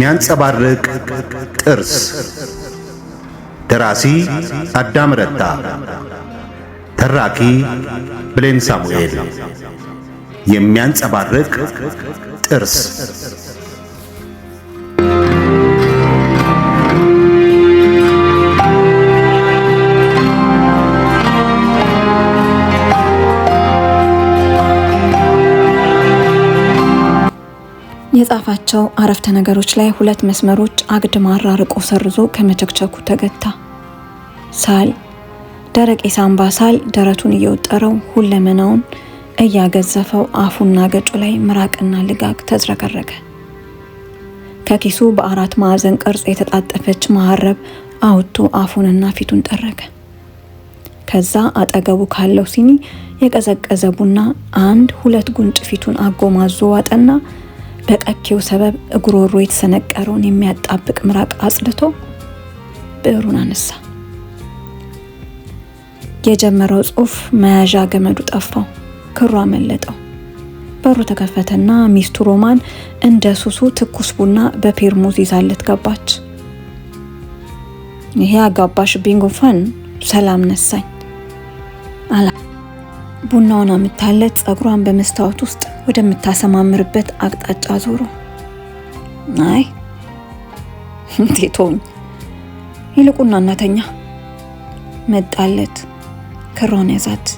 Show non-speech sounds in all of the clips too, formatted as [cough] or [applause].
የሚያንጸባርቅ ጥርስ። ደራሲ አዳም ረታ፣ ተራኪ ብሌን ሳሙኤል። የሚያንጸባርቅ ጥርስ የጻፋቸው አረፍተ ነገሮች ላይ ሁለት መስመሮች አግድም አራርቆ ሰርዞ ከመቸክቸኩ ተገታ። ሳል ደረቅ የሳምባ ሳል ደረቱን እየወጠረው ሁለመናውን እያገዘፈው አፉና ገጩ ላይ ምራቅና ልጋግ ተዝረከረከ። ከኪሱ በአራት ማዕዘን ቅርጽ የተጣጠፈች መሀረብ አውጥቶ አፉንና ፊቱን ጠረገ። ከዛ አጠገቡ ካለው ሲኒ የቀዘቀዘ ቡና አንድ ሁለት ጉንጭ ፊቱን አጎማዞ ዋጠና በቀኬው ሰበብ እግሮሮ የተሰነቀረውን የሚያጣብቅ ምራቅ አጽድቶ ብዕሩን አነሳ። የጀመረው ጽሑፍ መያዣ ገመዱ ጠፋው፣ ክሩ አመለጠው። በሩ ተከፈተና ሚስቱ ሮማን እንደ ሱሱ ትኩስ ቡና በፔርሙዝ ይዛለት ገባች። ይሄ አጋባሽ ጉንፋን ሰላም ነሳኝ አላ ቡናውን አምታለት ጸጉሯን በመስታወት ውስጥ ወደምታሰማምርበት አቅጣጫ ዞሮ አይ እንዴት ሆኝ ይልቁና እናተኛ መጣለት። ክሮን ያዛት።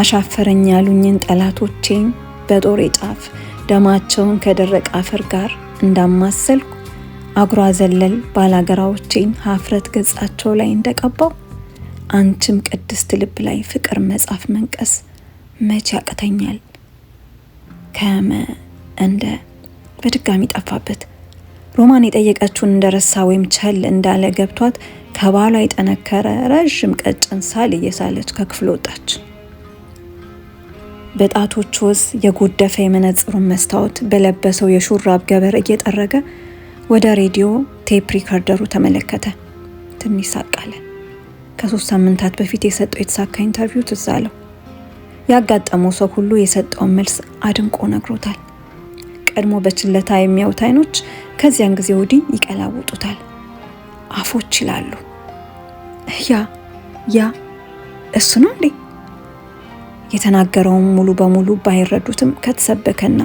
አሻፈረኝ ያሉኝን ጠላቶቼን በጦሬ ጫፍ ደማቸውን ከደረቀ አፈር ጋር እንዳማሰልኩ አጉራ ዘለል ባላገራዎቼን ሀፍረት ገጻቸው ላይ እንደቀባው አንቺም ቅድስት ልብ ላይ ፍቅር መጻፍ መንቀስ መቼ ያቅተኛል? ከመ እንደ በድጋሚ ጠፋበት። ሮማን የጠየቀችውን እንደረሳ ወይም ቸል እንዳለ ገብቷት ከባሏ የጠነከረ ረዥም ቀጭን ሳል እየሳለች ከክፍል ወጣች። በጣቶቹ ወዝ የጎደፈ የመነጽሩን መስታወት በለበሰው የሹራብ ገበር እየጠረገ ወደ ሬዲዮ ቴፕ ሪከርደሩ ተመለከተ። ትንሽ ሳቅ አለ። ከሶስት ሳምንታት በፊት የሰጠው የተሳካ ኢንተርቪው ትዝ አለው። ያጋጠመው ሰው ሁሉ የሰጠውን መልስ አድንቆ ነግሮታል። ቀድሞ በችለታ የሚያዩት አይኖች ከዚያን ጊዜ ወዲህ ይቀላውጡታል። አፎች ይላሉ ያ ያ እሱ ነው እንዴ? የተናገረውን ሙሉ በሙሉ ባይረዱትም ከተሰበከና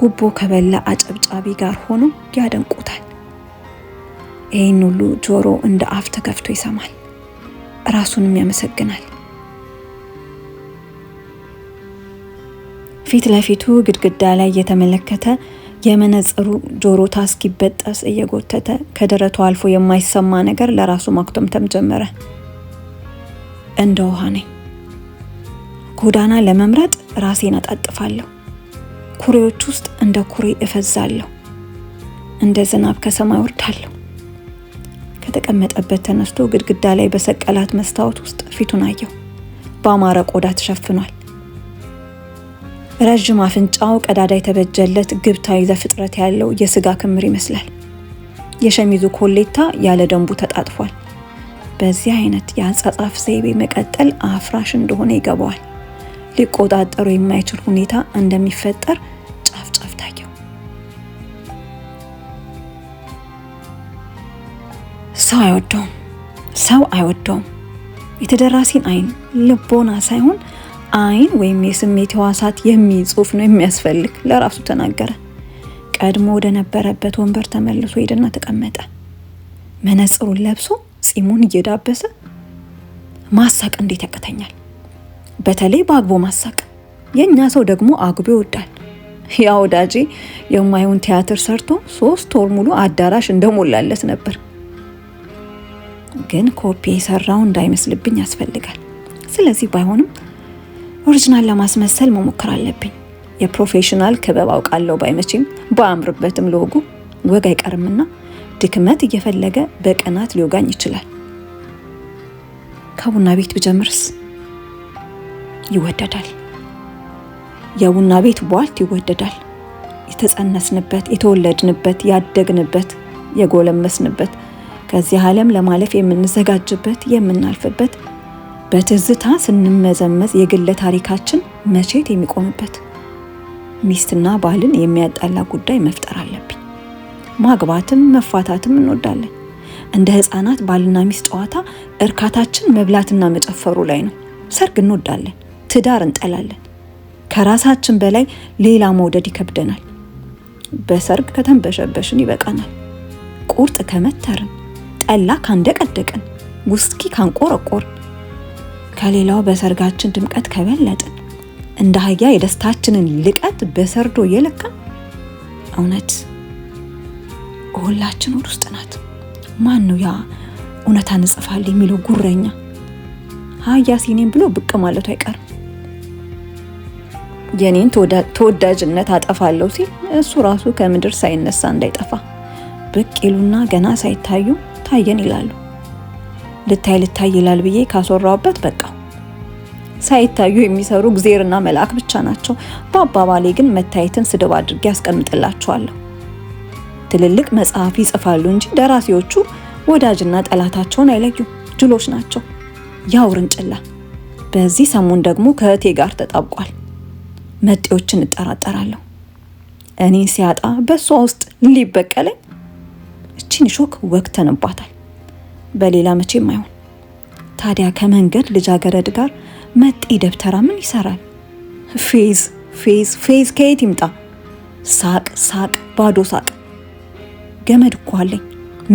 ጉቦ ከበላ አጨብጫቢ ጋር ሆኖ ያደንቁታል። ይህን ሁሉ ጆሮ እንደ አፍ ተከፍቶ ይሰማል። ራሱንም ያመሰግናል። ፊት ለፊቱ ግድግዳ ላይ እየተመለከተ የመነጽሩ ጆሮ ታስኪበጠስ እየጎተተ ከደረቱ አልፎ የማይሰማ ነገር ለራሱ ማክተምተም ጀመረ። እንደ ውሃ ነኝ፣ ጎዳና ለመምረጥ ራሴን አጣጥፋለሁ፣ ኩሬዎች ውስጥ እንደ ኩሬ እፈዛለሁ፣ እንደ ዝናብ ከሰማይ ወርዳለሁ። ከተቀመጠበት ተነስቶ ግድግዳ ላይ በሰቀላት መስታወት ውስጥ ፊቱን አየው። በአማረ ቆዳ ተሸፍኗል። ረዥም አፍንጫው ቀዳዳ የተበጀለት ግብታዊ ዘፍጥረት ያለው የስጋ ክምር ይመስላል። የሸሚዙ ኮሌታ ያለ ደንቡ ተጣጥፏል። በዚህ አይነት የአጻጻፍ ዘይቤ መቀጠል አፍራሽ እንደሆነ ይገባዋል። ሊቆጣጠሩ የማይችል ሁኔታ እንደሚፈጠር ሰው አይወደውም። ሰው አይወደውም። የተደራሲን አይን ልቦና ሳይሆን አይን ወይም የስሜት ህዋሳት የሚል ጽሁፍ ነው የሚያስፈልግ ለራሱ ተናገረ። ቀድሞ ወደ ነበረበት ወንበር ተመልሶ ሄደና ተቀመጠ። መነጽሩን ለብሶ ጺሙን እየዳበሰ ማሳቅ እንዴት ያቅተኛል? በተለይ በአግቦ ማሳቅ። የእኛ ሰው ደግሞ አግቦ ይወዳል። ያ ወዳጄ የማይሆን ቲያትር ሰርቶ ሶስት ወር ሙሉ አዳራሽ እንደሞላለት ነበር። ግን ኮፒ የሰራው እንዳይመስልብኝ ያስፈልጋል። ስለዚህ ባይሆንም ኦሪጂናል ለማስመሰል መሞከር አለብኝ። የፕሮፌሽናል ክበብ አውቃለሁ ባይመቼም በአምርበትም ሎጉ ወግ አይቀርምና ድክመት እየፈለገ በቅናት ሊወጋኝ ይችላል። ከቡና ቤት ብጀምርስ ይወደዳል። የቡና ቤት ቧልት ይወደዳል። የተጸነስንበት፣ የተወለድንበት፣ ያደግንበት፣ የጎለመስንበት ከዚህ ዓለም ለማለፍ የምንዘጋጅበት የምናልፍበት በትዝታ ስንመዘመዝ የግለ ታሪካችን መቼት የሚቆምበት ሚስትና ባልን የሚያጣላ ጉዳይ መፍጠር አለብኝ። ማግባትም መፋታትም እንወዳለን። እንደ ህፃናት ባልና ሚስት ጨዋታ እርካታችን መብላትና መጨፈሩ ላይ ነው። ሰርግ እንወዳለን፣ ትዳር እንጠላለን። ከራሳችን በላይ ሌላ መውደድ ይከብደናል። በሰርግ ከተንበሸበሽን ይበቃናል። ቁርጥ ከመተርን ጠላ ካንደቀደቅን፣ ውስኪ ካንቆረቆርን፣ ከሌላው በሰርጋችን ድምቀት ከበለጥን፣ እንደ አህያ የደስታችንን ልቀት በሰርዶ የለካን እውነት ሁላችን ወደ ውስጥ ናት። ማን ነው ያ እውነት አንጽፋል የሚለው ጉረኛ አህያ ሲኔም ብሎ ብቅ ማለቱ አይቀርም። የኔን ተወዳጅነት አጠፋለሁ ሲል እሱ ራሱ ከምድር ሳይነሳ እንዳይጠፋ ብቅ ይሉና ገና ሳይታዩ ታየን ይላሉ። ልታይ ልታይ ይላል ብዬ ካስወራውበት በቃ ሳይታዩ የሚሰሩ እግዜርና መልአክ ብቻ ናቸው። በአባባሌ ግን መታየትን ስድብ አድርጌ ያስቀምጥላቸዋለሁ። ትልልቅ መጽሐፍ ይጽፋሉ እንጂ ደራሲዎቹ ወዳጅና ጠላታቸውን አይለዩም። ጅሎች ናቸው። ያው ርንጭላ በዚህ ሰሞን ደግሞ ከእቴ ጋር ተጣብቋል። መጤዎችን እጠራጠራለሁ። እኔ ሲያጣ በእሷ ውስጥ ሊበቀለኝ ያችን ሾክ ወግተንባታል። በሌላ መቼም አይሆን። ታዲያ ከመንገድ ልጃገረድ ጋር መጤ ደብተራ ምን ይሰራል? ፌዝ ፌዝ ፌዝ ከየት ይምጣ? ሳቅ ሳቅ ባዶ ሳቅ። ገመድ እኮ አለኝ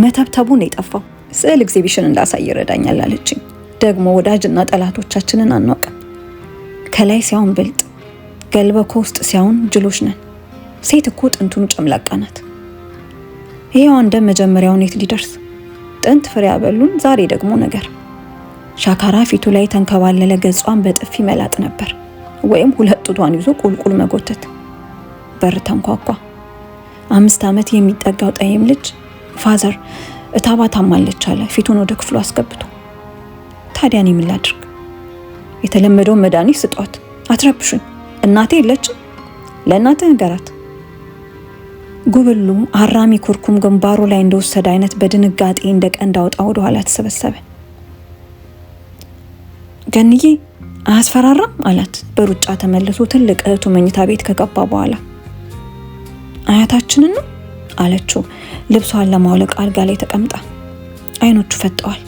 መተብተቡ ነው የጠፋው። ስዕል ኤግዚቢሽን እንዳሳይ ይረዳኛል አለችኝ። ደግሞ ወዳጅና ጠላቶቻችንን አናውቅም። ከላይ ሲያውን ብልጥ ገልበኮ ውስጥ ሲያውን ጅሎች ነን። ሴት እኮ ጥንቱን ጨምላቃ ናት። ይሄው እንደ መጀመሪያው ኔት ሊደርስ ጥንት ፍሬ ያበሉን ዛሬ ደግሞ ነገር ሻካራ ፊቱ ላይ ተንከባለለ ገጿን በጥፊ መላጥ ነበር ወይም ሁለት ጡቷን ይዞ ቁልቁል መጎተት በር ተንኳኳ አምስት ዓመት የሚጠጋው ጠይም ልጅ ፋዘር እታባ ታማለች አለ ፊቱን ወደ ክፍሉ አስገብቶ ታዲያ የምላድርግ ምን ላድርግ የተለመደውን መድኃኒት ስጧት አትረብሹኝ እናቴ የለችም ለእናትህ ንገራት ጉብሉ አራሚ ኩርኩም ግንባሩ ላይ እንደወሰደ አይነት በድንጋጤ እንደ ቀንድ አውጣ ወደ ኋላ ተሰበሰበ። ገንዬ አያስፈራራም አላት። በሩጫ ተመልሶ ትልቅ እህቱ መኝታ ቤት ከገባ በኋላ አያታችንን ነው አለችው፣ ልብሷን ለማውለቅ አልጋ ላይ ተቀምጣ። አይኖቹ ፈጠዋል።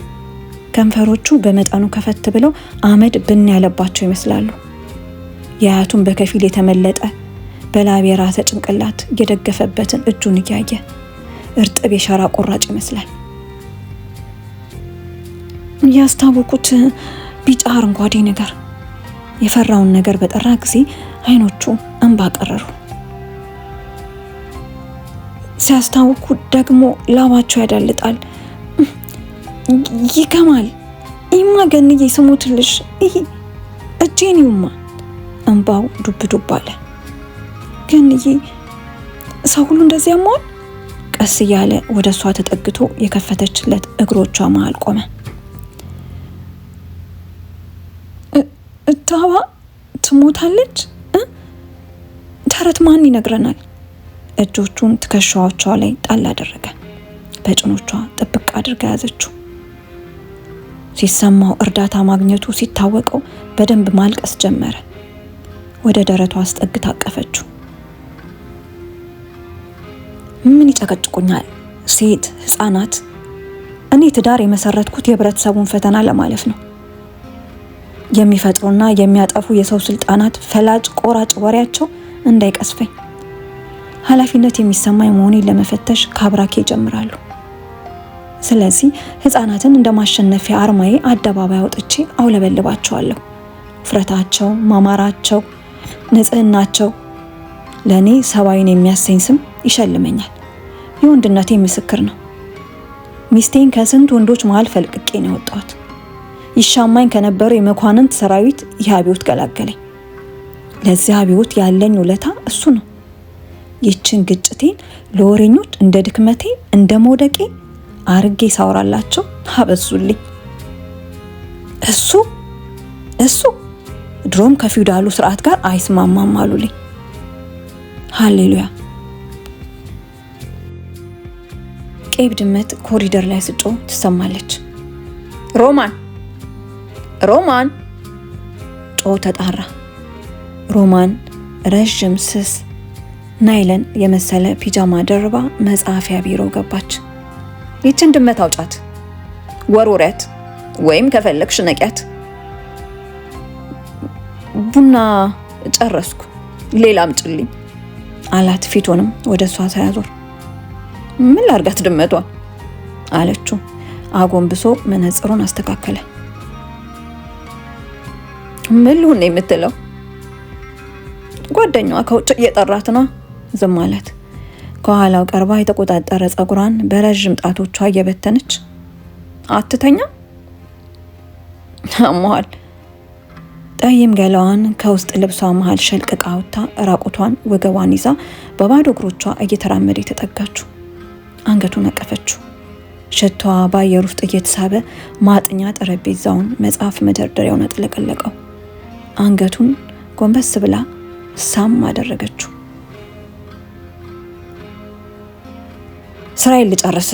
ከንፈሮቹ በመጠኑ ከፈት ብለው አመድ ብን ያለባቸው ይመስላሉ። የአያቱን በከፊል የተመለጠ በላብ የራሰ ጭንቅላት የደገፈበትን እጁን እያየ እርጥብ የሸራ ቁራጭ ይመስላል። ያስታወቁት ቢጫ አረንጓዴ ነገር የፈራውን ነገር በጠራ ጊዜ አይኖቹ እንባ ቀረሩ። ሲያስታውኩ ደግሞ ላባቸው ያዳልጣል፣ ይገማል። ይማ ገንዬ ስሙትልሽ፣ ይህ እጄን ይውማ። እንባው ዱብ ዱብ አለ። ገንዬ ሰው ሁሉ እንደዚያ መሆን ቀስ እያለ ወደ እሷ ተጠግቶ የከፈተችለት እግሮቿ መሀል ቆመ። እታዋ ትሞታለች። ተረት ማን ይነግረናል? እጆቹን ትከሻዎቿ ላይ ጣል አደረገ። በጭኖቿ ጥብቅ አድርጋ ያዘችው። ሲሰማው እርዳታ ማግኘቱ ሲታወቀው በደንብ ማልቀስ ጀመረ። ወደ ደረቷ አስጠግታ አቀፈችው። ምን ይጨቀጭቁኛል? ሴት ህፃናት። እኔ ትዳር የመሰረትኩት የህብረተሰቡን ፈተና ለማለፍ ነው። የሚፈጥሩና የሚያጠፉ የሰው ስልጣናት ፈላጭ ቆራጭ ወሬያቸው እንዳይቀስፈኝ ኃላፊነት የሚሰማኝ መሆኔን ለመፈተሽ ከአብራኬ ይጀምራሉ። ስለዚህ ህፃናትን እንደ ማሸነፊያ አርማዬ አደባባይ አውጥቼ አውለበልባቸዋለሁ። ውፍረታቸው፣ ማማራቸው፣ ንጽህናቸው ለእኔ ሰብአዊን የሚያሰኝ ስም ይሸልመኛል። የወንድነቴ ምስክር ነው። ሚስቴን ከስንት ወንዶች መሀል ፈልቅቄ ነው የወጣሁት። ይሻማኝ ከነበረው የመኳንንት ሰራዊት ይህ አብዮት ገላገለኝ። ለዚህ አብዮት ያለኝ ውለታ እሱ ነው። ይችን ግጭቴን ለወሬኞች እንደ ድክመቴ እንደ መውደቄ አርጌ ሳውራላቸው አበዙልኝ። እሱ እሱ ድሮም ከፊውዳሉ ስርዓት ጋር አይስማማም አሉልኝ። ሃሌሉያ ቀይ ድመት ኮሪደር ላይ ስጮ ትሰማለች። ሮማን ሮማን ጮ ተጣራ። ሮማን ረዥም ስስ ናይለን የመሰለ ፒጃማ ደርባ መጻፊያ ቢሮ ገባች። ይችን ድመት አውጫት፣ ወርውሪያት፣ ወይም ከፈለግሽ ነቂያት። ቡና ጨረስኩ፣ ሌላም ጭልኝ አላት። ፊቱንም ወደ እሷ ተያዞር፣ ምን ላርጋት ድመቷ አለችው። አጎንብሶ መነጽሩን አስተካከለ። ምን ልሁን ነው የምትለው? ጓደኛዋ ከውጭ እየጠራት ነው። ዝም አላት። ከኋላው ቀርባ የተቆጣጠረ ፀጉሯን በረዥም ጣቶቿ እየበተነች አትተኛ አሟል። ጠይም ገላዋን ከውስጥ ልብሷ መሀል ሸልቅቃ አውጥታ ራቁቷን ወገቧን ይዛ በባዶ እግሮቿ እየተራመደ የተጠጋችው አንገቱን ነቀፈችው። ሽታዋ በአየር ውስጥ እየተሳበ ማጥኛ ጠረጴዛውን፣ መጽሐፍ መደርደሪያውን አጥለቀለቀው። አንገቱን ጎንበስ ብላ ሳም አደረገችው። ስራዬን ልጨርስ፣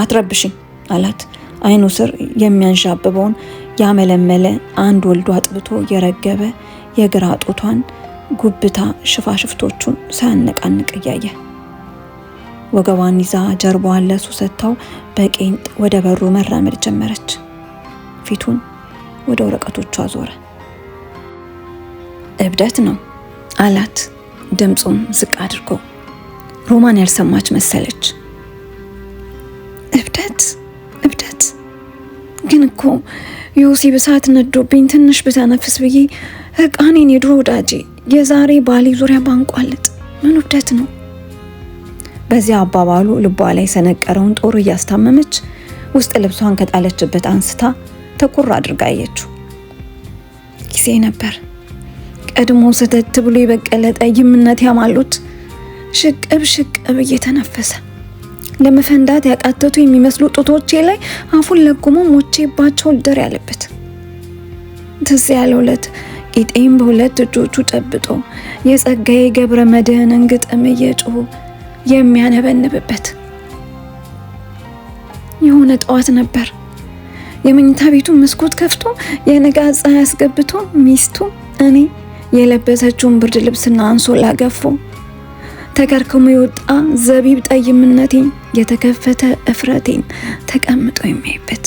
አትረብሽኝ አላት። አይኑ ስር የሚያንዣብበውን ያመለመለ አንድ ወልዶ አጥብቶ የረገበ የግራ ጡቷን ጉብታ ሽፋሽፍቶቹን ሳያነቃንቅ እያየ ወገቧን ይዛ ጀርባዋን ለሱ ሰጥታው በቄንጥ ወደ በሩ መራመድ ጀመረች። ፊቱን ወደ ወረቀቶቹ አዞረ። እብደት ነው አላት ድምፁን ዝቅ አድርጎ። ሮማን ያልሰማች መሰለች። እብደት እብደት ግን እኮ ዮሴፍ እሳት ነዶብኝ ትንሽ ብተነፍስ ብዬ እቃኔን የድሮ ወዳጄ የዛሬ ባሌ ዙሪያ ባንቋለጥ ምን እብደት ነው? በዚያ አባባሉ ልቧ ላይ ሰነቀረውን ጦር እያስታመመች ውስጥ ልብሷን ከጣለችበት አንስታ ተኩር አድርጋ አየችው። ጊዜ ነበር። ቀድሞ ስደት ብሎ የበቀለ ጠይምነት ያማሉት ሽቅብ ሽቅብ እየተነፈሰ ለመፈንዳት ያቃተቱ የሚመስሉ ጡቶቼ ላይ አፉን ለጉሞ ሞቼባቸው ደር ያለበት ትዝ ያለው ዕለት ቂጤም በሁለት እጆቹ ጨብጦ የጸጋዬ ገብረ መድህንን ግጥም እየጮሁ የሚያነበንብበት የሆነ ጠዋት ነበር። የመኝታ ቤቱ መስኮት ከፍቶ የንጋት ፀሐይ አስገብቶ ሚስቱ እኔ የለበሰችውን ብርድ ልብስና አንሶላ ገፎ ተከርክሞ የወጣ ዘቢብ ጠይምነቴን የተከፈተ እፍረቴን ተቀምጦ የሚያይበት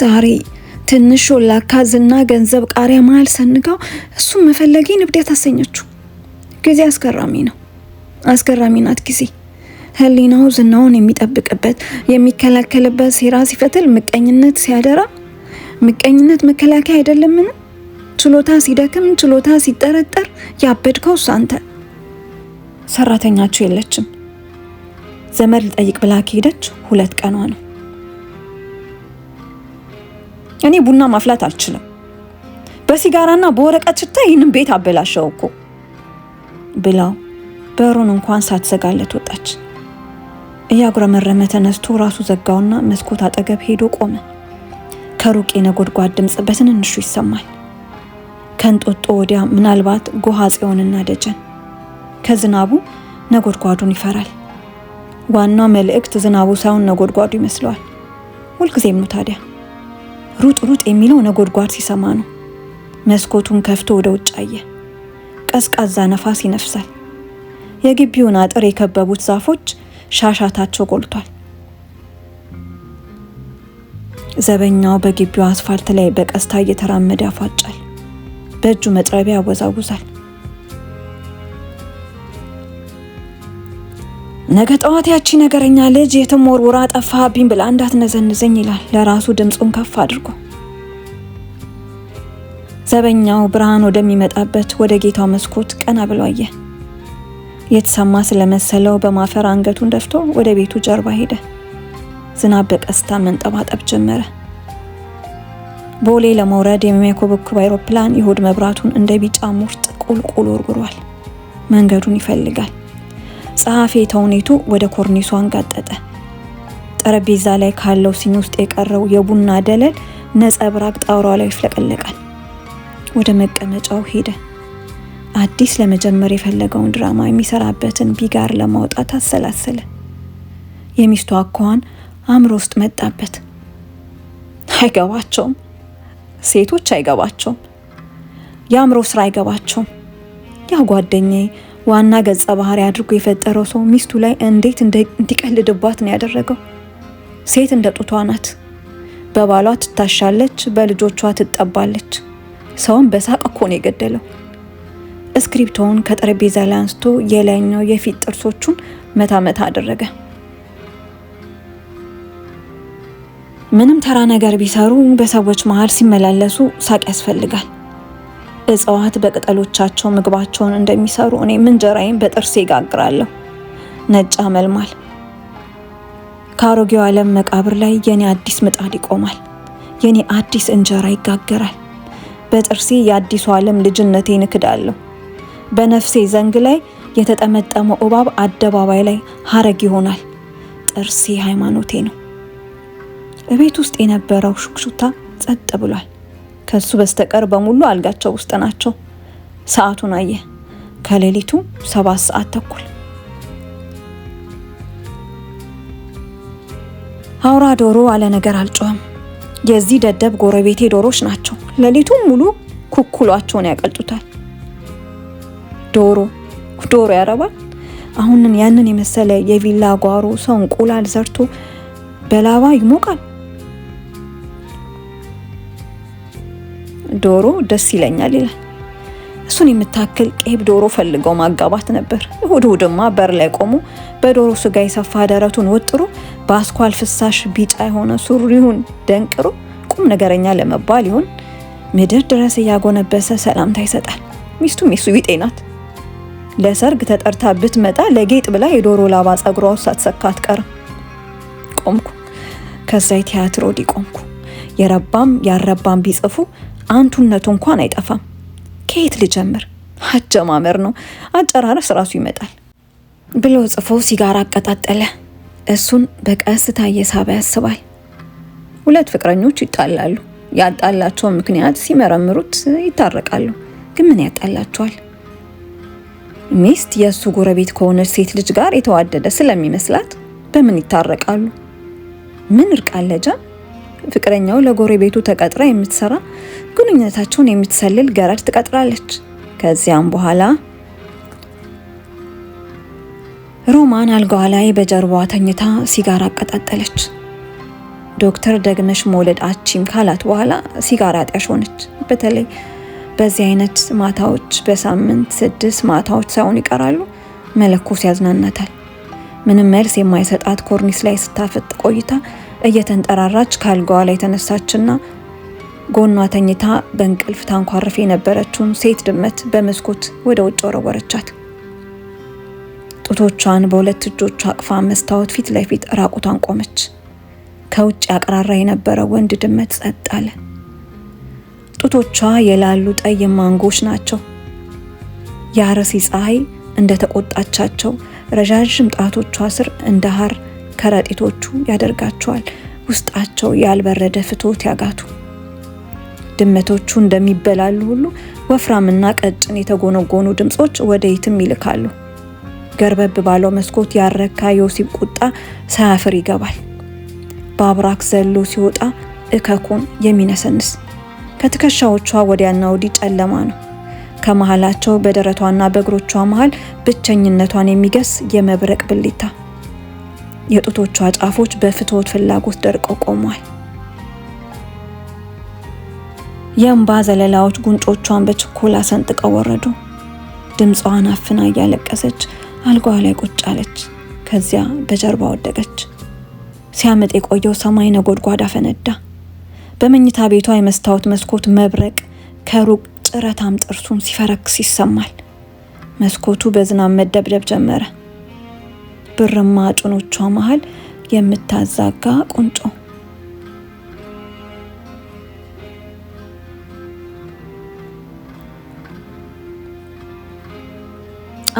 ዛሬ ትንሽ ሾላካ ዝና ገንዘብ ቃሪያ መሀል ሰንጋው እሱም መፈለጌን እብድ ያታሰኘችው ጊዜ አስገራሚ ነው። አስገራሚ ናት ጊዜ ህሊናው ዝናውን የሚጠብቅበት የሚከላከልበት ሴራ ሲፈትል ምቀኝነት ሲያደራ ምቀኝነት መከላከያ አይደለምን? ችሎታ ሲደክም ችሎታ ሲጠረጠር ያበድከው አንተ። ሰራተኛችሁ የለችም። ዘመድ ልጠይቅ ብላ ከሄደች ሁለት ቀኗ ነው። እኔ ቡና ማፍላት አልችልም። በሲጋራና በወረቀት ሽታ ይህንን ቤት አበላሸው እኮ ብላው በሩን እንኳን ሳትዘጋለት ወጣች። እያጉረመረመ ተነስቶ ራሱ ዘጋውና መስኮት አጠገብ ሄዶ ቆመ። ከሩቅ የነጎድጓድ ድምፅ በትንንሹ ይሰማል። ከእንጦጦ ወዲያ ምናልባት ጎሃ ጽዮንና ደጀን። ከዝናቡ ነጎድጓዱን ይፈራል። ዋናው መልእክት ዝናቡ ሳይሆን ነጎድጓዱ ይመስለዋል። ሁልጊዜም ነው ታዲያ። ሩጥ ሩጥ የሚለው ነጎድጓድ ሲሰማ ነው። መስኮቱን ከፍቶ ወደ ውጭ አየ። ቀዝቃዛ ነፋስ ይነፍሳል። የግቢውን አጥር የከበቡት ዛፎች ሻሻታቸው ጎልቷል። ዘበኛው በግቢው አስፋልት ላይ በቀስታ እየተራመደ ያፏጫል። በእጁ መጥረቢያ ያወዛውዛል። ነገ ጠዋት ያቺ ነገረኛ ልጅ የትም ወርውራ ጠፋብኝ ብላ እንዳትነዘንዘኝ ይላል ለራሱ ድምፁን ከፍ አድርጎ። ዘበኛው ብርሃን ወደሚመጣበት ወደ ጌታው መስኮት ቀና ብሎ የተሰማ ስለመሰለው በማፈር አንገቱን ደፍቶ ወደ ቤቱ ጀርባ ሄደ። ዝናብ በቀስታ መንጠባጠብ ጀመረ። ቦሌ ለመውረድ የሚያኮበኩብ አይሮፕላን የሆድ መብራቱን እንደ ቢጫ ሙርጥ ቁልቁል ወርውሯል። መንገዱን ይፈልጋል። ጸሐፊ ተውኔቱ ወደ ኮርኒሱ አንጋጠጠ። ጠረጴዛ ላይ ካለው ሲኒ ውስጥ የቀረው የቡና ደለል ነጸብራቅ ጣውሯ ላይ ይፍለቀለቃል። ወደ መቀመጫው ሄደ። አዲስ ለመጀመር የፈለገውን ድራማ የሚሰራበትን ቢጋር ለማውጣት አሰላሰለ። የሚስቱ አኳኋን አእምሮ ውስጥ መጣበት። አይገባቸውም፣ ሴቶች አይገባቸውም፣ የአእምሮ ስራ አይገባቸውም። ያ ጓደኛዬ ዋና ገጸ ባህሪ አድርጎ የፈጠረው ሰው ሚስቱ ላይ እንዴት እንዲቀልድባት ነው ያደረገው። ሴት እንደ ጡቷ ናት። በባሏ ትታሻለች፣ በልጆቿ ትጠባለች። ሰውን በሳቅ እኮ ነው የገደለው። እስክሪፕቶውን ከጠረጴዛ ላይ አንስቶ የላይኛው የፊት ጥርሶቹን መታ መታ አደረገ። ምንም ተራ ነገር ቢሰሩ በሰዎች መሀል ሲመላለሱ ሳቅ ያስፈልጋል። እጽዋት በቅጠሎቻቸው ምግባቸውን እንደሚሰሩ እኔም እንጀራዬን በጥርሴ ይጋግራለሁ። ነጭ አመልማል ከአሮጌው ዓለም መቃብር ላይ የኔ አዲስ ምጣድ ይቆማል። የኔ አዲስ እንጀራ ይጋገራል። በጥርሴ የአዲሱ ዓለም ልጅነቴን እክዳለሁ። በነፍሴ ዘንግ ላይ የተጠመጠመው እባብ አደባባይ ላይ ሀረግ ይሆናል። ጥርሴ ሃይማኖቴ ነው። እቤት ውስጥ የነበረው ሹክሹክታ ጸጥ ብሏል። ከሱ በስተቀር በሙሉ አልጋቸው ውስጥ ናቸው። ሰዓቱን አየ። ከሌሊቱ ሰባት ሰዓት ተኩል አውራ ዶሮ አለ ነገር አልጮኸም። የዚህ ደደብ ጎረቤቴ ዶሮች ናቸው። ሌሊቱን ሙሉ ኩኩሏቸውን ያቀልጡታል። ዶሮ ዶሮ ያረባል። አሁንን ያንን የመሰለ የቪላ ጓሮ ሰው እንቁላል ሰርቶ በላባ ይሞቃል። ዶሮ ደስ ይለኛል ይላል። እሱን የምታክል ቄብ ዶሮ ፈልገው ማጋባት ነበር። እሁድ እሁድማ በር ላይ ቆሞ በዶሮ ስጋ የሰፋ ደረቱን ወጥሮ በአስኳል ፍሳሽ ቢጫ የሆነ ሱሪውን ደንቅሮ ቁም ነገረኛ ለመባል ይሆን ምድር ድረስ እያጎነበሰ ሰላምታ ይሰጣል። ሚስቱም የሱ ቢጤ ናት። ለሰርግ ተጠርታ ብትመጣ ለጌጥ ብላ የዶሮ ላባ ጸጉሯ ውስጥ ሳትሰካ ቀር ቆምኩ። ከዛ የቲያትር ወዲህ ቆምኩ። የረባም ያረባም ቢጽፉ አንቱነቱ እንኳን አይጠፋም። ከየት ልጀምር? አጀማመር ነው፣ አጨራረስ ራሱ ይመጣል ብሎ ጽፎ ሲጋራ አቀጣጠለ። እሱን በቀስታ እየሳበ ያስባል። ሁለት ፍቅረኞች ይጣላሉ። ያጣላቸውን ምክንያት ሲመረምሩት ይታረቃሉ። ግን ምን ያጣላቸዋል? ሚስት የእሱ ጎረቤት ከሆነች ሴት ልጅ ጋር የተዋደደ ስለሚመስላት በምን ይታረቃሉ? ምን እርቃለጃ ፍቅረኛው ለጎረቤቱ ተቀጥራ የምትሰራ ግንኙነታቸውን የምትሰልል ገረድ ትቀጥራለች። ከዚያም በኋላ ሮማን አልጋዋ ላይ በጀርባዋ ተኝታ ሲጋራ አቀጣጠለች። ዶክተር ደግመሽ መውለድ አቺም ካላት በኋላ ሲጋራ አጥያሽ ሆነች። በተለይ በዚህ አይነት ማታዎች በሳምንት ስድስት ማታዎች ሳይሆን ይቀራሉ። መለኮስ ያዝናናታል። ምንም መልስ የማይሰጣት ኮርኒስ ላይ ስታፈጥ ቆይታ እየተንጠራራች ከአልጋዋ ላይ ተነሳችና ጎኗ ተኝታ በእንቅልፍ ታንኳርፍ የነበረችውን ሴት ድመት በመስኮት ወደ ውጭ ወረወረቻት። ጡቶቿን በሁለት እጆቿ አቅፋ መስታወት ፊት ለፊት ራቁቷን ቆመች። ከውጭ ያቀራራ የነበረው ወንድ ድመት ጸጥ አለ። ጡቶቿ የላሉ ጠይ ማንጎች ናቸው። የአረሲ ፀሐይ እንደ ተቆጣቻቸው ረዣዥም ጣቶቿ ስር እንደ ሐር ከረጢቶቹ ያደርጋቸዋል። ውስጣቸው ያልበረደ ፍቶት ያጋቱ። ድመቶቹ እንደሚበላሉ ሁሉ ወፍራምና ቀጭን የተጎነጎኑ ድምጾች ወደ የትም ይልካሉ። ገርበብ ባለው መስኮት ያረካ የወሲብ ቁጣ ሳያፍር ይገባል። በአብራክ ዘሎ ሲወጣ እከኩን የሚነሰንስ ከትከሻዎቿ ወዲያና ወዲህ ጨለማ ነው። ከመሃላቸው በደረቷና በእግሮቿ መሃል ብቸኝነቷን የሚገስ የመብረቅ ብልታ። የጡቶቿ ጫፎች በፍትወት ፍላጎት ደርቀው ቆመዋል። የእንባ ዘለላዎች ጉንጮቿን በችኮላ ሰንጥቀው ወረዱ። ድምጿን አፍና እያለቀሰች አልጋዋ ላይ ቁጭ አለች። ከዚያ በጀርባ ወደቀች። ሲያምጥ የቆየው ሰማይ ነጎድጓዳ ፈነዳ። በመኝታ ቤቷ የመስታወት መስኮት መብረቅ ከሩቅ ጭረታም ጥርሱን ሲፈረክስ ይሰማል። መስኮቱ በዝናብ መደብደብ ጀመረ። ብርማ ጭኖቿ መሃል የምታዛጋ ቁንጮ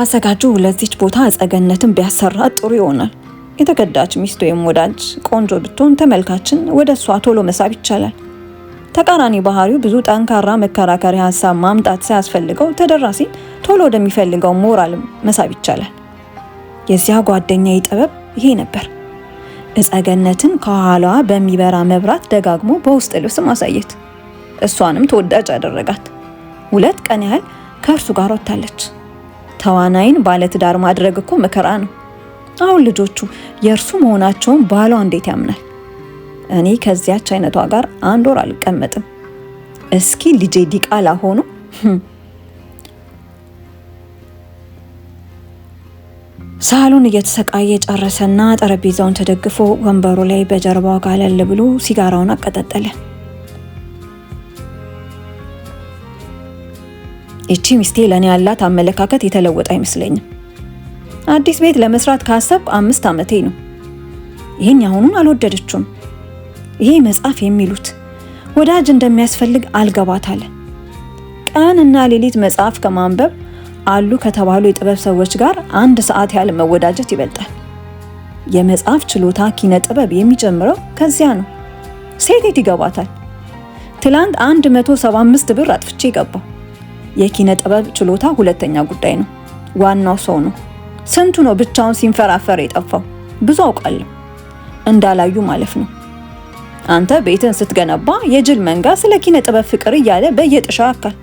አዘጋጁ ለዚች ቦታ አጸገነትን ቢያሰራ ጥሩ ይሆናል። የተከዳች ሚስት ወይም ወዳጅ ቆንጆ ብትሆን ተመልካችን ወደ እሷ ቶሎ መሳብ ይቻላል። ተቃራኒ ባህሪው ብዙ ጠንካራ መከራከሪያ ሀሳብ ማምጣት ሳያስፈልገው ተደራሲን ቶሎ ወደሚፈልገው ሞራልም መሳብ ይቻላል። የዚያ ጓደኛ ጥበብ ይሄ ነበር። እጸገነትን ከኋላዋ በሚበራ መብራት ደጋግሞ በውስጥ ልብስ ማሳየት እሷንም ተወዳጅ አደረጋት። ሁለት ቀን ያህል ከእርሱ ጋር ወጥታለች። ተዋናይን ባለትዳር ማድረግ እኮ መከራ ነው። አሁን ልጆቹ የእርሱ መሆናቸውን ባሏ እንዴት ያምናል? እኔ ከዚያች አይነቷ ጋር አንድ ወር አልቀመጥም። እስኪ ልጄ ዲቃላ ሆኖ [laughs] ሳህሉን እየተሰቃየ ጨረሰና ጠረጴዛውን ተደግፎ ወንበሩ ላይ በጀርባው ጋለል ብሎ ሲጋራውን አቀጣጠለ። ይቺ ሚስቴ ለእኔ ያላት አመለካከት የተለወጠ አይመስለኝም። አዲስ ቤት ለመስራት ካሰብኩ አምስት ዓመቴ ነው። ይህን ያሁኑን አልወደደችውም። ይሄ መጽሐፍ የሚሉት ወዳጅ እንደሚያስፈልግ አልገባታለ። ቀን እና ሌሊት መጽሐፍ ከማንበብ አሉ ከተባሉ የጥበብ ሰዎች ጋር አንድ ሰዓት ያህል መወዳጀት ይበልጣል። የመጽሐፍ ችሎታ ኪነ ጥበብ የሚጀምረው ከዚያ ነው። ሴት ይገባታል። ትላንት 175 ብር አጥፍቼ ገባው። የኪነ ጥበብ ችሎታ ሁለተኛ ጉዳይ ነው። ዋናው ሰው ነው። ስንቱ ነው ብቻውን ሲንፈራፈር የጠፋው? ብዙ አውቃለሁ እንዳላዩ ማለት ነው። አንተ ቤትን ስትገነባ የጅል መንጋ ስለ ኪነ ጥበብ ፍቅር እያለ በየጥሻ አካል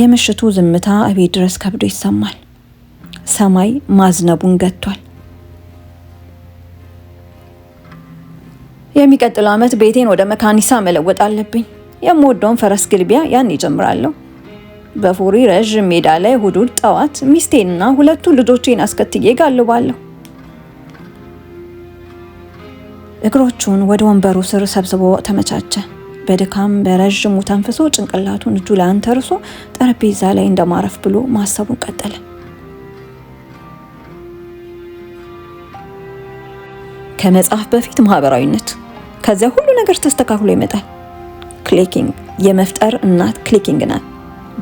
የምሽቱ ዝምታ እቤት ድረስ ከብዶ ይሰማል። ሰማይ ማዝነቡን ገጥቷል። የሚቀጥለው ዓመት ቤቴን ወደ መካኒሳ መለወጥ አለብኝ። የምወደውን ፈረስ ግልቢያ ያን ይጀምራለሁ። በፎሪ ረዥም ሜዳ ላይ ሁዱድ ጠዋት ሚስቴንና ሁለቱ ልጆቼን አስከትዬ ጋልባለሁ። እግሮቹን ወደ ወንበሩ ስር ሰብስቦ ተመቻቸ። በድካም በረዥሙ ተንፍሶ ጭንቅላቱን እጁ ላይ አንተርሶ ጠረጴዛ ላይ እንደማረፍ ብሎ ማሰቡን ቀጠለ። ከመጽሐፍ በፊት ማህበራዊነት፣ ከዚያ ሁሉ ነገር ተስተካክሎ ይመጣል። ክሊኪንግ የመፍጠር እናት ክሊኪንግ ናት።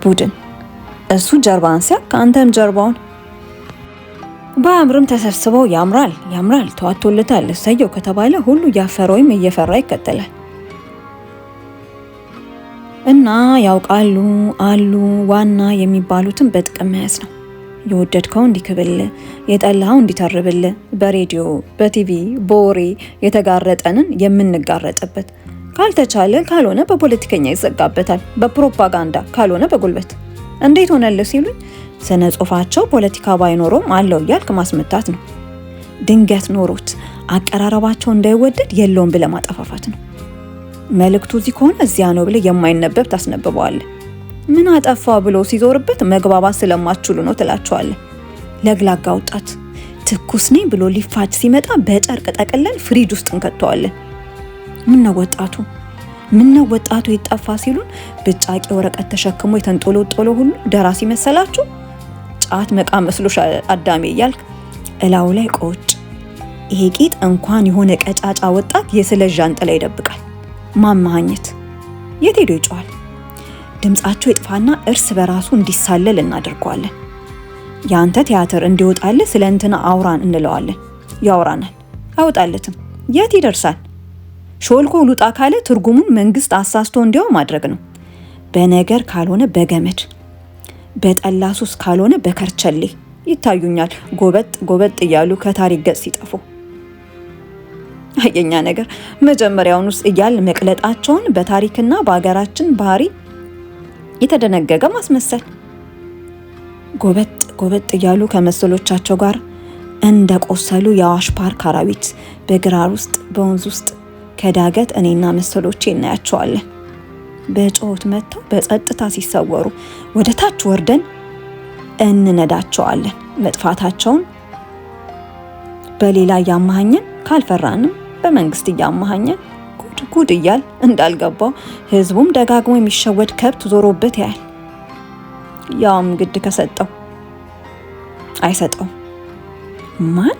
ቡድን እሱ ጀርባን ሲያ አንተም ጀርባውን በአምርም ተሰብስበው ያምራል ያምራል ተዋቶልታል እሰየው ከተባለ ሁሉ እያፈረ ወይም እየፈራ ይከተላል። እና ያውቃሉ አሉ ዋና የሚባሉትን በጥቅም መያዝ ነው። የወደድከው እንዲክብል የጠላኸው እንዲተርብል በሬዲዮ በቲቪ በወሬ የተጋረጠንን የምንጋረጥበት ካልተቻለ ካልሆነ በፖለቲከኛ ይዘጋበታል፣ በፕሮፓጋንዳ ካልሆነ በጉልበት። እንዴት ሆነልህ ሲሉኝ ስነ ጽሁፋቸው ፖለቲካ ባይኖረውም አለው እያልክ ማስመታት ነው። ድንገት ኖሮት አቀራረባቸው እንዳይወደድ የለውም ብለህ ማጠፋፋት ነው። መልእክቱ እዚህ ከሆነ እዚያ ነው ብለህ የማይነበብ ታስነብበዋለህ። ምን አጠፋ ብሎ ሲዞርበት መግባባት ስለማችሉ ነው ትላቸዋለህ። ለግላጋ ወጣት ትኩስ ነኝ ብሎ ሊፋጅ ሲመጣ በጨርቅ ጠቅለን ፍሪጅ ውስጥ እንከተዋለን። ምነው ወጣቱ ምነው ወጣቱ ይጠፋ ሲሉን ብጫቂ ወረቀት ተሸክሞ የተንጦለጦለ ሁሉ ደራሲ መሰላችሁ? ጫት መቃ መስሎሽ አዳሜ እያልክ እላው ላይ ቆጭ። ይሄ ቂጥ እንኳን የሆነ ቀጫጫ ወጣት የስለዣ አንጥላ ይደብቃል። ማመሃኘት የት ሄዶ ይጮዋል? ድምፃቸው ይጥፋና እርስ በራሱ እንዲሳለል እናደርገዋለን። የአንተ ቲያትር እንዲወጣልህ ስለ እንትና አውራን እንለዋለን። ያውራናል፣ አይወጣለትም። የት ይደርሳል? ሾልኮ ውጣ ካለ ትርጉሙን መንግስት አሳስቶ እንዲያው ማድረግ ነው። በነገር ካልሆነ በገመድ በጠላ ሱስ ካልሆነ በከርቸሌ ይታዩኛል ጎበጥ ጎበጥ እያሉ ከታሪክ ገጽ ሲጠፉ አየኛ ነገር መጀመሪያውን ውስጥ እያል መቅለጣቸውን በታሪክና በሀገራችን ባህሪ የተደነገገ ማስመሰል ጎበጥ ጎበጥ እያሉ ከመሰሎቻቸው ጋር እንደቆሰሉ የአዋሽ ፓርክ አራዊት በግራር ውስጥ በወንዝ ውስጥ ከዳገት እኔና መሰሎቼ እናያቸዋለን። በጩኸት መጥተው በጸጥታ ሲሰወሩ ወደ ታች ወርደን እንነዳቸዋለን። መጥፋታቸውን በሌላ እያማሃኘን ካልፈራንም በመንግስት እያማሃኘን ጉድ ጉድ እያል እንዳልገባው ህዝቡም ደጋግሞ የሚሸወድ ከብት ዞሮበት ያያል። ያውም ግድ ከሰጠው አይሰጠው ማን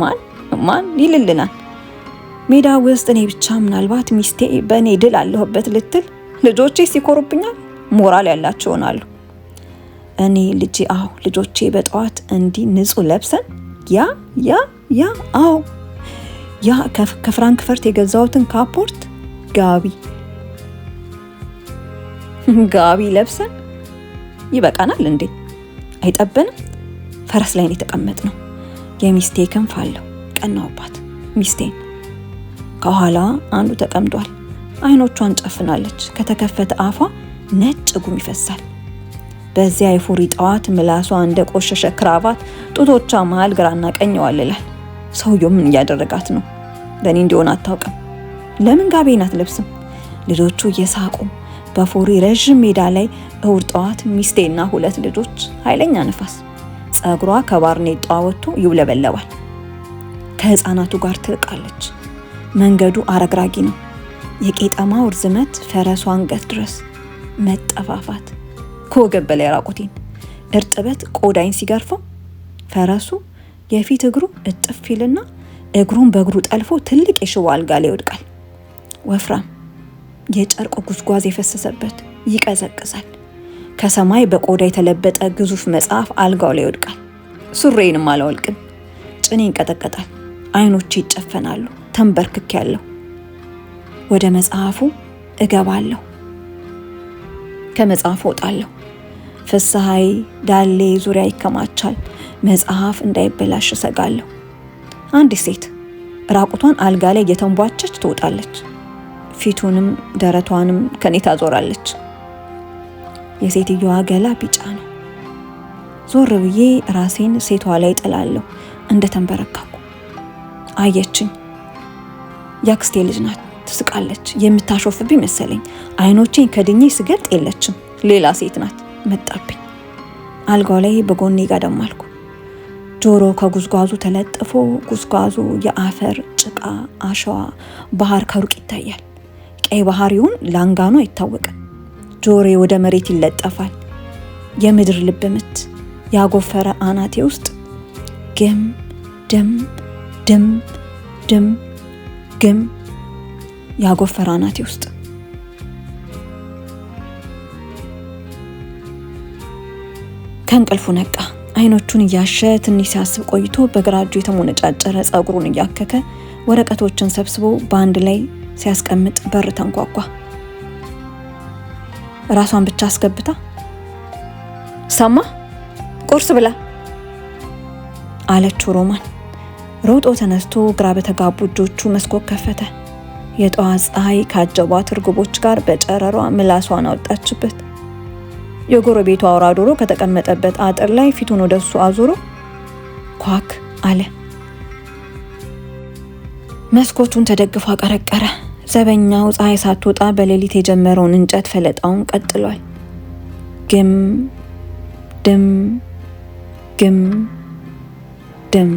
ማን ማን ይልልናል። ሜዳ ውስጥ እኔ ብቻ ምናልባት ሚስቴ በእኔ ድል አለሁበት ልትል ልጆቼ ሲኮሩብኛል ሞራል ያላቸው ይሆናሉ። እኔ ልጄ አዎ ልጆቼ በጠዋት እንዲህ ንጹህ ለብሰን ያ ያ ያ አዎ ያ ከፍራንክፈርት የገዛሁትን ካፖርት ጋቢ ጋቢ ለብሰን ይበቃናል እንዴ? አይጠብንም። ፈረስ ላይ ነው የሚስቴ ክንፍ አለው። ቀናውባት ሚስቴን ከኋላዋ አንዱ ተቀምጧል። አይኖቿን ጨፍናለች። ከተከፈተ አፏ ነጭ ጉም ይፈሳል። በዚያ የፉሪ ጠዋት ምላሷ እንደ ቆሸሸ ክራባት ጡቶቿ መሃል ግራና ቀኝ ይዋልላል። ሰውየው ምን እያደረጋት ነው? በእኔ እንዲሆን አታውቅም። ለምን ጋቢን አትለብስም? ልጆቹ እየሳቁ በፎሪ ረዥም ሜዳ ላይ እውር ጠዋት ሚስቴና ሁለት ልጆች፣ ኃይለኛ ነፋስ፣ ፀጉሯ ከባርኔጣዋ ወጥቶ ይውለበለባል። ከህፃናቱ ጋር ትርቃለች። መንገዱ አረግራጊ ነው። የቄጠማው ውርዝመት ፈረሱ አንገት ድረስ መጠፋፋት ከወገብ በላይ ራቁቴን እርጥበት ቆዳይን ሲገርፈው ፈረሱ የፊት እግሩ እጥፍ ይልና እግሩን በእግሩ ጠልፎ ትልቅ የሽቦ አልጋ ላይ ይወድቃል። ወፍራም የጨርቅ ጉዝጓዝ የፈሰሰበት ይቀዘቅዛል። ከሰማይ በቆዳ የተለበጠ ግዙፍ መጽሐፍ አልጋው ላይ ይወድቃል። ሱሬንም አላወልቅም። ጭኔ ይንቀጠቀጣል። አይኖቼ ይጨፈናሉ። ተንበርክክ ያለው ወደ መጽሐፉ እገባለሁ፣ ከመጽሐፉ ወጣለሁ። ፍስሐይ ዳሌ ዙሪያ ይከማቻል፣ መጽሐፍ እንዳይበላሽ እሰጋለሁ። አንዲት ሴት ራቁቷን አልጋ ላይ እየተንቧቸች ትወጣለች። ፊቱንም ደረቷንም ከኔ ታዞራለች። የሴትየዋ ገላ ቢጫ ነው። ዞር ብዬ ራሴን ሴቷ ላይ ጥላለሁ። እንደ ተንበረካኩ አየችኝ። ያክስቴ ልጅ ናት። ትስቃለች። የምታሾፍብኝ መሰለኝ። አይኖቼን ከድኜ ስገልጥ የለችም፣ ሌላ ሴት ናት። መጣብኝ። አልጋው ላይ በጎኔ ጋደም አልኩ። ጆሮ ከጉዝጓዙ ተለጥፎ፣ ጉዝጓዙ የአፈር ጭቃ፣ አሸዋ፣ ባህር ከሩቅ ይታያል። ቀይ ባህር ይሁን ላንጋኖ አይታወቅም። ጆሮዬ ወደ መሬት ይለጠፋል። የምድር ልብ ምት ያጎፈረ አናቴ ውስጥ ግም ድም ድም ድም ግም ያጎፈራ አናቴ ውስጥ ከእንቅልፉ ነቃ። አይኖቹን እያሸ ትንሽ ሲያስብ ቆይቶ በግራ እጁ የተሞነጫጨረ ጸጉሩን እያከከ ወረቀቶችን ሰብስቦ በአንድ ላይ ሲያስቀምጥ በር ተንኳኳ። ራሷን ብቻ አስገብታ ሰማ ቁርስ ብላ አለችው ሮማን። ሮጦ ተነስቶ ግራ በተጋቡ እጆቹ መስኮት ከፈተ። የጠዋት ፀሐይ ካጀቧ እርግቦች ጋር በጨረሯ ምላሷን አወጣችበት። የጎረቤቱ አውራ ዶሮ ከተቀመጠበት አጥር ላይ ፊቱን ወደሱ አዙሮ ኳክ አለ። መስኮቱን ተደግፎ አቀረቀረ። ዘበኛው ፀሐይ ሳትወጣ በሌሊት የጀመረውን እንጨት ፈለጣውን ቀጥሏል። ግም ድም ግም ድም